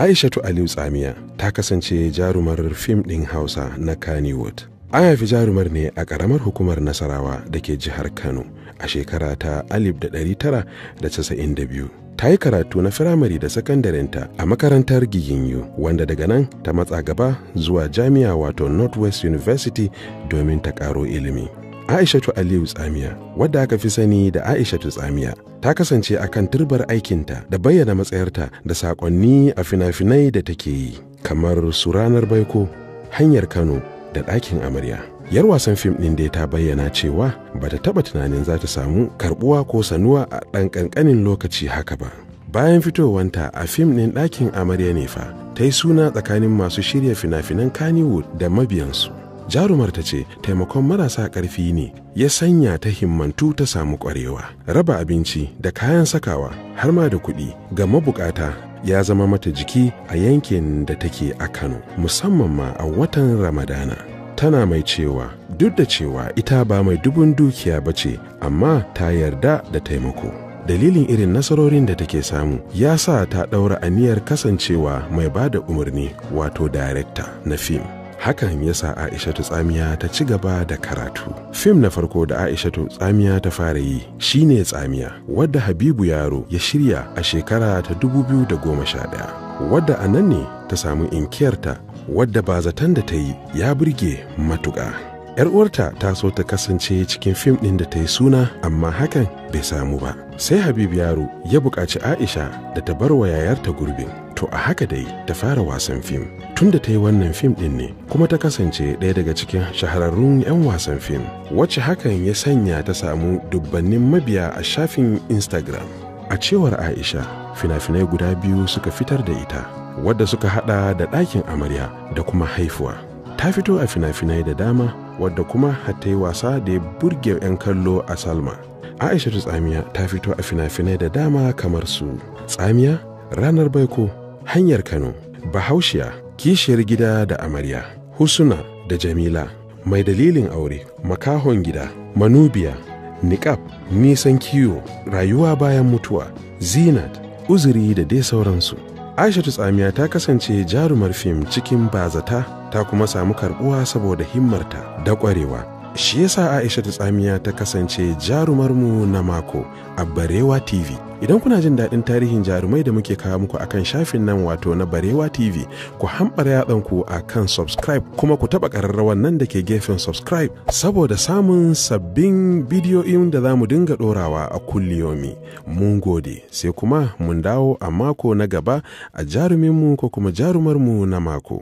aishatu aliyu tsamiya ta kasance jarumar fim ɗin hausa na kannywood an haifi jarumar ne a ƙaramar hukumar nasarawa da ke jihar kano a shekara ta 1992 ta yi karatu na firamare da sakandarenta a makarantar giginyu wanda daga nan ta matsa gaba zuwa jami'a wato northwest university domin ta ƙaro ilimi Aishatu Aliyu Tsamiya, wadda aka fi sani da Aisha Aishatu Tsamiya, ta kasance a kan turbar aikinta da bayyana matsayarta da saƙonni a fina-finai da take yi, kamar su ranar baiko, hanyar Kano da ɗakin amarya. Yar wasan fim ɗin dai ta bayyana cewa ba ta taɓa tunanin za ta samu karɓuwa ko sanuwa a ɗan ƙanƙanin lokaci haka ba. Bayan fitowanta a fim ɗin ɗakin amarya ne fa, ta yi suna tsakanin masu shirya fina-finan Kannywood da mabiyansu. jarumar ta ce taimakon marasa ƙarfi ne ya sanya ta himmantu ta samu ƙwarewa raba abinci da kayan sakawa har ma da kuɗi ga mabukata ya zama mata jiki a yankin da take a Kano musamman ma a watan Ramadana. Tana mai cewa duk da cewa ita ba mai dubun dukiya ba ce amma ta yarda da taimako. Dalilin irin nasarorin da take samu ya sa ta ɗaura aniyar kasancewa mai ba da umarni wato director na fim. hakan ya sa Aisha ta tsamiya ta ci gaba da karatu fim na farko da Aisha ta tsamiya ta fara yi shine tsamiya wadda habibu yaro ya shirya a shekara ta 2011 wadda a nan ne ta samu inkiyarta wadda ba zaton da ta yi ya burge matuƙa yar uwarta ta so ta kasance cikin fim ɗin da ta yi suna amma hakan bai samu ba sai habibu yaro ya buƙaci aisha da ta bar wa yayarta gurbin to a haka dai ta fara wasan fim tunda ta yi wannan fim din ne kuma ta kasance ɗaya daga cikin shahararrun 'yan wasan fim wacce hakan ya sanya ta samu dubbannin mabiya a shafin instagram a cewar aisha fina-finai guda biyu suka fitar da ita wadda suka hada da ɗakin amarya da kuma haifuwa ta fito a fina-finai da dama wadda kuma hatta yi wasa da ya burge 'yan kallo a salma aisha tsamiya ta fito a fina-finai da dama kamar su tsamiya ranar baiko hanyar Kano, Bahaushiya, kishiyar gida da amarya, Husuna da Jamila, mai dalilin aure, makahon gida, manubiya, niƙaf, nisan kiwo, rayuwa bayan mutuwa, zinat, uzuri da dai sauransu. Aishatu Tsamiya ta kasance jarumar fim cikin bazata ta kuma samu karbuwa saboda himmarta da ƙwarewa. shi yasa aisha ta tsamiya ta kasance jarumarmu na mako a barewa tv idan kuna jin daɗin tarihin jarumai da muke kawo muku akan shafin nan wato na barewa tv ku hamɓara ku a kan subscribe kuma ku taɓa ƙararrawar nan da ke gefen subscribe saboda samun sabbin bidiyoyin da za mu dinga ɗorawa a kulliyomi mun gode sai kuma mun dawo a mako na gaba a jaruminmu ko kuma jarumarmu na mako.